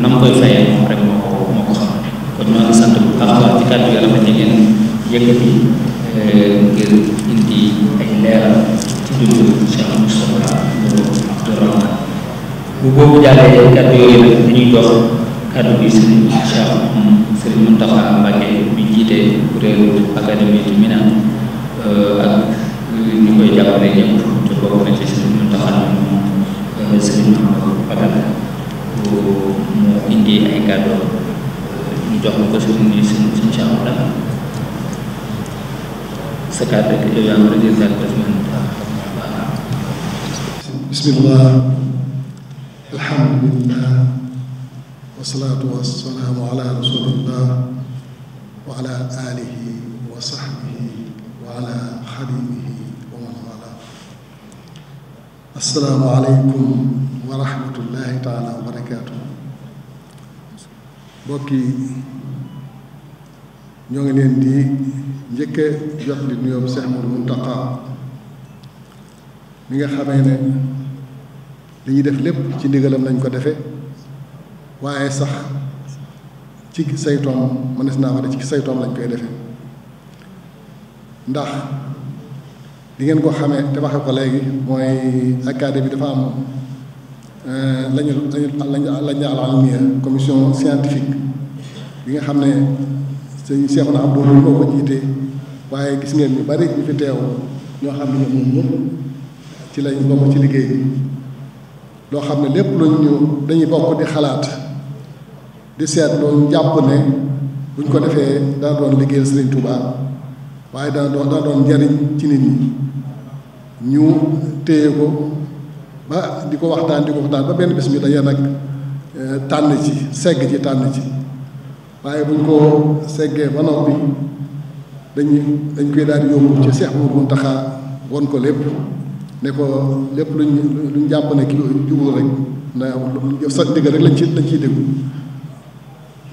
na mu koy fayee moom rek moo ko moo ko xam kon ñoo ngi sant bu baax a baax ci kàddu yi rafet yi ngeen yëkkati eh, ngir indi ay leeral ci dundu Cheikh Moustapha Abdou Rahman bu boobu jàllee kàddu jiite kuréelu académie du Mina eh, ak ñu koy jàppale ñëpp te bokk na ci Serigne Moustapha Mbacké eh, Serigne Mbacké mu mu indi ay kàddoom ñu jox ma ko suñu ni suñ suñ saamu dama sa kàddu rek yow yaa war a jël kàddu daf man bismillah alhamdulillah wasalaatu wasalaamu ala rasulillah wa ala alihi wa sahbihi wa ala xadimihi wa man wala assalaamu aleykum wa rahmatullahi taala wa barakaatu mbokk yi ñoo ngi leen di njëkk a jot li nuyoo Seex Muhammadu Muntaqa mi nga xamee ne li ñuy def lépp ci ndigalam lañ ko defe waaye sax ci saytoom mënees naa wax ci saytoom lañu koy defe ndax li ngeen ko xamee te waxe ko léegi mooy académie bi dafa am Euh, lañu lañu lañu alamiya commission scientifique bi nga xam ne sëñ Cheikhouna Abdou moo ko jiite waaye gis ngeen ñu bari ñu fi teew ñoo xam ne ñoom ñëpp ci lañ bokk ci liggéey bi loo xam ne lépp luñ ñu dañuy bokk di xalaat di seet loolu jàpp ne buñ ko defee dana doon liggéeyal Sëriñ Touba waaye dana doon dana doon njariñ ci nit ñi ñu téye ko. ba di ko waxtaan di ko waxtaan ba benn bis ñu daje nag eh, tànn ci segg ci tànn ci waaye bu ñu ko seggee ba noppi dañuy dañ koy daal di yóbbu ci Seex Muhammadu Muntaxa won ko lépp ne ko lépp luñ luñ jàpp ne ki jubul rek na sa dëgg rek lañ ci lañ ciy déglu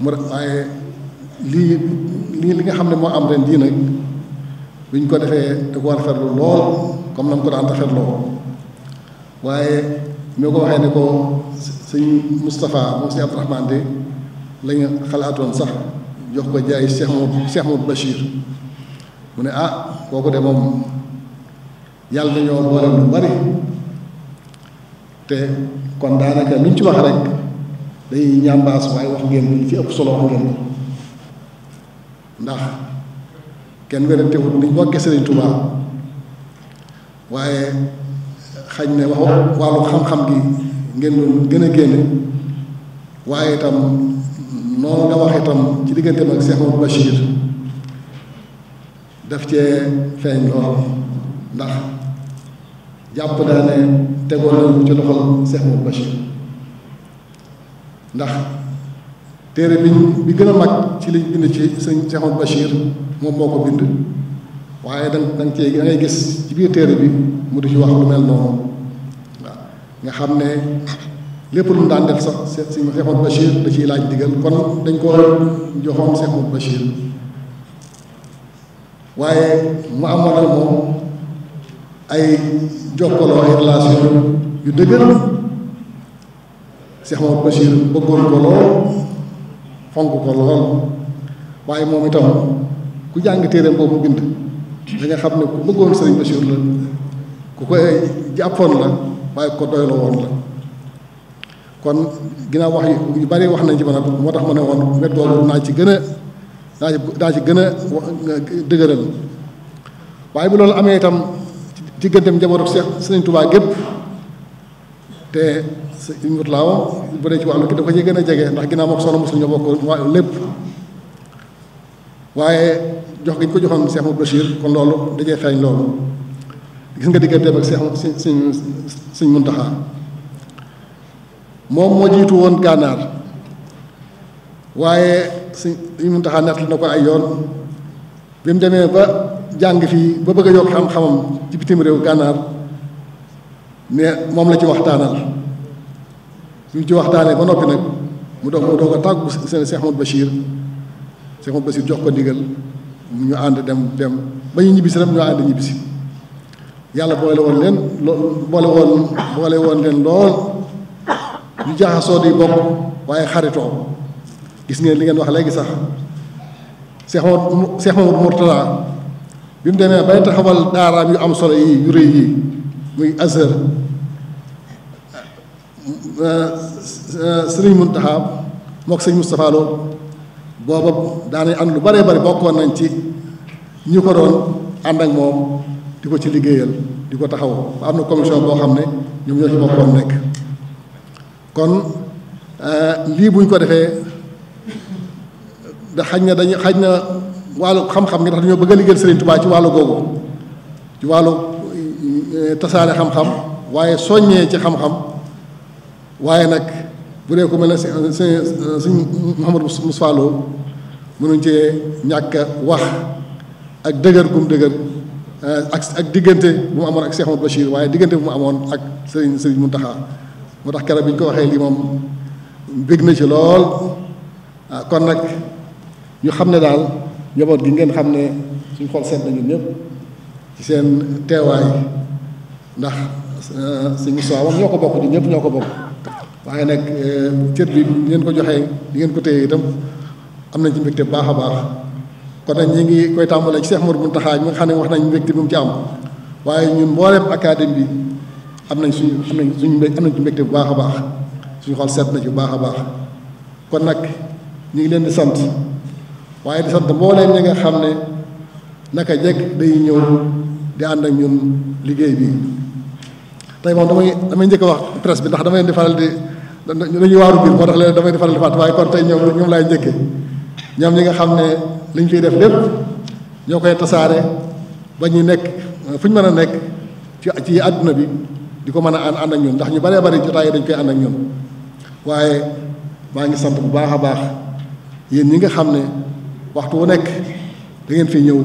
mu waaye lii li nga xam ne moo am ren jii nag buñ ko defee da ko rafetlu lool comme na mu ko daan rafetloo waaye ñoo ko waxee ni ko sëñ Moustapha moom sëñ Abdourahmane de la xalaatoon sax jox ko jaay Cheikh Modou Cheikh Modou mu ne ah kooku de moom yàlla dañoo boole lu bari te kon daanaka luñ ci wax rek day ñambaas waaye wax ngeen li ci ëpp solo wax ngeen ndax kenn werantewul ni bokkee Sëriñ Tuubaa waaye xañ ne wax wàllu xam-xam gi ngeen doon gën a génne waaye itam noonu nga wax itam ci diggante ak Cheikh Mamadou Bachir cee feeñ lool ndax jàpp naa ne tegoon nañu ci loxol Cheikh Mamadou ndax téere bi bi gën a mag ci liñ bind ci sëñ Cheikh moom moo ko bind waaye da nga cee da ngay gis ci biir téere bi mu di ci wax lu mel noonu waaw nga xam ne lépp lu mu daan def sax seet si Cheikh Mouhamadou Bachir da ciy laaj digal kon dañ koo joxoon Cheikh Mouhamadou Bachir waaye mu amoon ak moom ay jokkaloo ay relation yu dëgër Cheikh Mouhamadou bëggoon ko lool fonk ko lool waaye moom itam ku jàng téere boobu bind da nga xam ne ku bëggoon sëriñ Bachir la ku ko jàppoon la waaye ko doy la woon la kon ginnaaw wax yu bari wax nañ ci man moo tax ma ne woon wet googu naa ci gën a daa ci daa ci gën a dëgëral waaye bu loolu amee itam ci digganteem njabootu Seex Sëriñ Tuubaa gépp te sëñ Murtala bu dee ci wàllu ki da ko ci gën a jege ndax ginnaaw mook soxna mosul ñoo bokk lépp waaye jox gi ko joxoon Cheikh Mouhamadou Bachir kon loolu dajee feeñ loolu gis nga diggante ak Cheikh Sëñ Sëñ Sëñ Muntaxa moom moo jiitu woon gànnaar waaye Sëñ Muntaxa nettali na ko ay yoon bi mu demee ba jàng fii ba bëgg a yokk xam-xamam ci bitim réew gànnaar ne moom la ci waxtaanal bi ci waxtaanee ba noppi nag mu doog mu doog a tàggu seen Cheikh Mouhamadou Bachir Cheikh Mouhamadou Bachir jox ko ndigal ñu ànd dem dem ba ñu ñibbisi rek ñoo ànd ñibbisi yàlla boole woon leen loo boole woon leen lool ñu jaaxasoo di bokk waaye xaritoo gis ngeen li ngeen wax léegi sax Cheikh Mamadou Cheikh Mamadou Mourtala bi mu demee bay taxawal daaraam yu am solo yi yu rëy yi muy Azhar Serigne Mountakha mook sëñ Moustapha Lo booba daanañ ànd lu bëree bëri bokkoon nañ ci ñi ko doon ànd ak moom di ko ci liggéeyal di ko taxaw ba am na commission boo xam ne ñoom ñoo ci bokkoon nekk kon eh, lii buñ ko defee da xaj na dañu xaj na wàllu xam-xam ngi tax dañoo bëgg a liggéeyal Serigne Touba ci wàllu googu ci wàllu eh, tasaare xam-xam waaye soññee ci xam-xam waaye nag bu dee ku mel ne si si suñ Mouhamadou Moustapha Lo mënuñ cee ñàkk wax ak dëgër gum dëgër eh, ak diggante bu mu amoon ak Cheikh Ahmadou Bachir waaye diggante bu mu amoon ak Serigne Serigne Mountakha moo tax keroog bi ñu ko waxee lii moom bég na ci lool ah, kon nag ñu xam ne daal njaboot gi ngeen xam ne suñ xool seet nañu ñëpp ci seen teewaay ndax suñu eh, soowam ñoo ko bokk di ñëpp ñoo ko bokk. waaye nag eh, cër bi di ngeen ko joxee di ngeen ko téye itam am nañ ci mbégte baax a baax kon nag ñi ngi koy tàmbalee ci Cheikh Mor Mountakha mi nga xam ne wax nañ mbégte bi mu ci am waaye ñun mbooleem académie bi am nañ suñu am nañ suñu mbé am nañ ci mbégte bu baax a baax xol seet na ci bu a baax kon nag ñu ngi leen di sant waaye di sant mbooleem nga xam ne naka jekk day ñëw di ànd ak ñun liggéey bi tey moom damay damay njëkk wax presse bi ndax damay leen di faral di. dañuy waaru biir moo tax leen damay faral di fàtt waaye kon tey ñoom ñoom laay njëkkee ñoom ñi nga xam ne liñ fiy def lépp ñoo koy tasaare ba ñu nekk fu ñu mën a nekk ci ci àdduna bi di ko mën a ànd ànd ak ñun ndax ñu baree bari jotaay dañ koy ànd ak ñun waaye maa ngi sant bu baax a baax yéen ñi nga xam ne waxtu wu nekk dangeen fi ñëw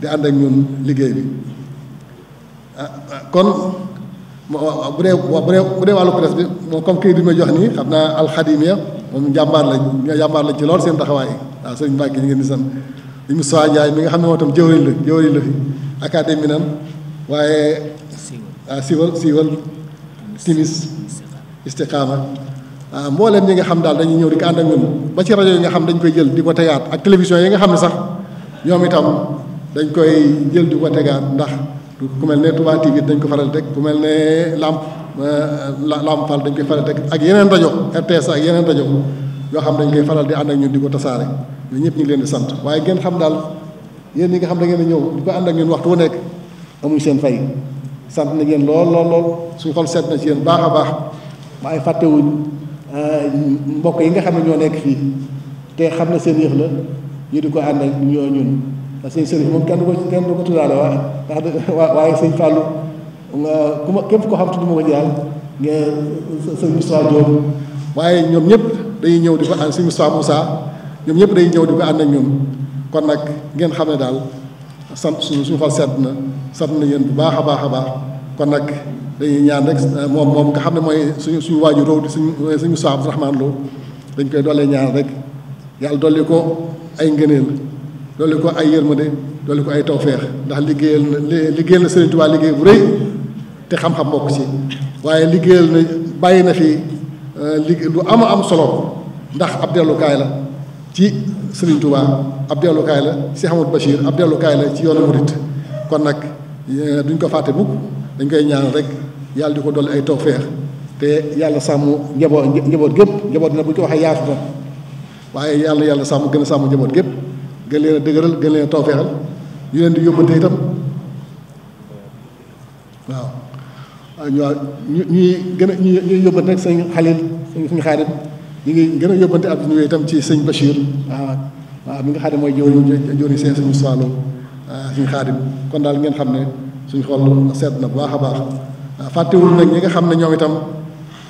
di ànd ak ñun liggéey bi ah, ah, kon waaw bu dee bu dee bu dee wàllu presse bi moom comme kayit bi may jox nii xam naa alxadimiya moom jàmbaar lañ ñoo jàmbaar lañ ci lool seen taxawaay waaw sëñ Mbacke ñu ngi di sant di Moussa Ndiaye mi nga xam ne moo tam jëwriñ la jëwriñ la fi académie waaye waaw siiwal siiwal timis istiqaama waaw mbooleem ñi nga xam daal dañuy ñëw di ko ànd ba ci rajo yi nga xam dañ koy jël di ko tegaat ak télévision yi nga xam ne sax ñoom itam dañ koy jël di ko tegaat ndax ku mel ne Touba TV dañ ko faral di teg ku mel ne Lamp euh, Lamp Fall dañ koy faral di teg ak yeneen rajo RTS ak yeneen rajo yoo xam dañ koy faral di ànd ak ñun di ko tasaare ñun ñëpp ñu leen di sant waaye ngeen xam daal yéen ñi nga xam da ngeen ñëw di ko ànd ak ñun waxtu wu nekk amuñ seen fay sant na ngeen lool lool lool suñu xol seet na ci baax a baax waaye fàttewuñ euh, mbokk yi nga xam ñoo nekk fii te xam na seen yëf la ñu di ko ànd ak ñoo ñun ndax seen sëriñ moom kenn du ko kenn du ko tuddaale waaye ndax waaye sëñ Fallou ko xam tudd ma ko jaal nga sëñ waaye ñoom ñëpp dañuy ñëw di ko ànd sëñ Moussa Moussa ñoom ñëpp dañuy ñëw di ko ànd ak ñoom kon nag ngeen xam ne daal sant suñu suñu sedd na sant na yéen bu baax a baax a baax kon nag dañuy ñaan rek euh, moom moom xam ne mooy suñu suñu waaju róow di suñu suñu Moussa Abdourahmane Lo dañ koy doolee ñaan rek yàlla dolli ko ay ngëneel dolli ko ay yërmande dolli ko ay tawféex ndax liggéeyal na liggéeyal na Sëriñ Tuubaa liggéey bu rëy te xam-xam bokk ci waaye liggéeyal na bàyyi na fi euh, liggéey lu ama am solo ndax ab dellukaay la ci Sëriñ Tuubaa ab dellukaay la ci Ahmadu Bachir ab dellukaay la ci yoonu murit kon nag euh, duñ ko fàtte mukk dañ koy ñaan rek yàlla di ko dolli ay tawféex te yàlla sàmm njaboot njaboot gépp njaboot na bu ñu ko waxee yaatu na waaye yàlla yàlla sàmm gën a sàmm njaboot gépp gën leen a dëgëral gën leen a yu leen di yóbbante itam waaw waaw ñu ñu ñuy gën a ñu ñuy yóbbante nag sëñ Xalil suñu xaadim ñu ngi gën a yóbbante ab nuyoo itam ci sëñ Bachir ah, mi nga xam ne mooy jëwriñ jëwriñ seen suñu saalum ah, suñu xaadim kon daal ngeen xam ne suñu xol sedd na bu baax a baax ah, fàttewul nag ñi nga xam ne ñoom itam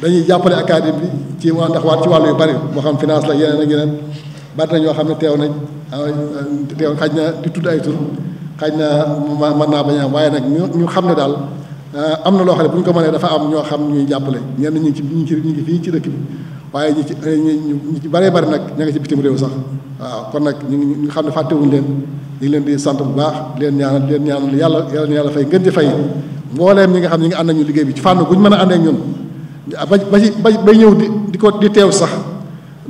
dañuy jàppale académie bi ci waa ndax waat ci wàllu yu bari moo xam finance la yeneen ak yeneen bari nañ ñoo xam ne teew nañ teew ah, xaj na di tudd ay tur xaj na mën naa bañ a waaye nag ñu xam ne daal ah, am na loo xale ne bu ñu ko mënee dafa am ñoo xam ñuy jàppale ñenn ñi ci ñi ci ñi ngi fii ci dëkk bi waaye ñi ci ci bëree bëri nag ña nga ci bitim réew sax waaw kon nag ñu ngi xam ne fàttewuñu leen ñu leen di sant bu baax leen ñaanal di leen ñaanal yàlla yàlla na yàlla fay ngeen ci fay mbooleem ñi nga xam ñi ngi ànd nañu liggéey bi ci fànn guñu mën a àndee ak ñun ba ba ci ba bay ñëw di di ko di teew sax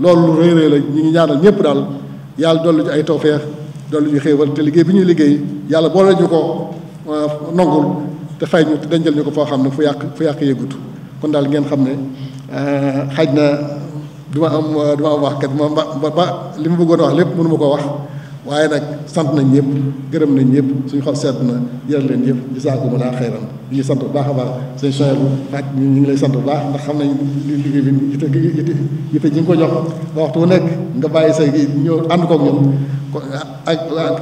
loolu lu rëy rëy la ñu ngi ñaanal ñëpp daal yàlla dolli ñu ay tawfeex dolli ñu xéewal te liggéey bi ñuy liggéey yàlla boole ñu ko euh, nongul te fay ñu te dencal ñu ko foo xam ne fu yàq fu yàq yëgut kon daal ngeen xam ne euh, xaj na duma am du ma am wax kat ma ba ba li ma bëggoon wax lépp mënuma koo ko wax waaye nag sant nañ ñëpp gërëm nañ ñëpp suñu xol sedd na yëral leen yëpp jazaakumullah xayran ñu ngi sant bu baax a baax seen changement laaj ñu ngi lay sant bu baax ndax xam nañ liggéey bi yite yite yite ñi ngi ko jox ba waxtu bu nekk nga bàyyi say gi ñëw am koog ñun ak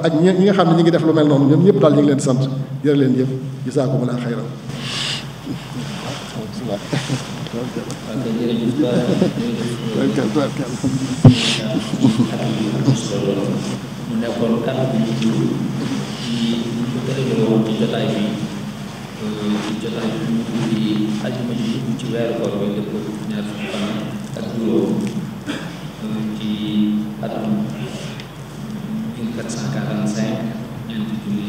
ak ñi nga xam ne ñu ngi def lu mel noonu ñoom ñëpp daal ñu ngi leen sant yëral leen yëpp jazaakumullah xayran Thank you. mu nekkoon kàddu bu mujj ci ñu ko tërale ci jotaay bi euh, jotaay bi mu mujj ci ajuma ji ci weeru koor bi def ñaar fukki fan ak juróom euh, ci atum 1445 ñeenti junni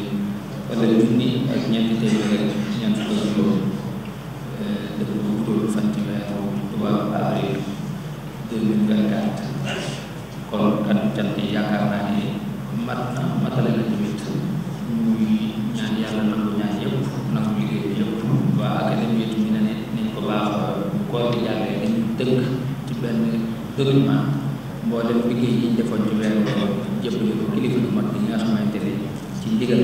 wala junni ak ñeenti téeméer ak ñeent fukk ak juróom def ko bu fan ci weeru tubaab avril 2024 mat na matale na tamit muy ñaan yàlla nangu ñaan yëpp nangu liggéey bi yëpp waa académie bi ne nañ ko baaxoo koor gi jàllee nañ dënk ci benn document mboolem liggéey yi ñu defoon ci weer boobu jëppale ko kilifa yu mag yi nga xamante ne ci ndigal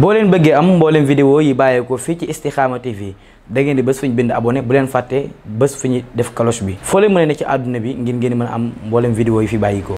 boo leen bëggee am mbooleem vidéo yi bàyyeekoo fii ci Istikhama TV da ngeen di bés fu ñu bind abone bu leen fàtte bés fu ñu def cloche bi foo leen mën a ne ci àdduna bi ngir ngeen mën am mboolem vidéo yi fi bàyyikoo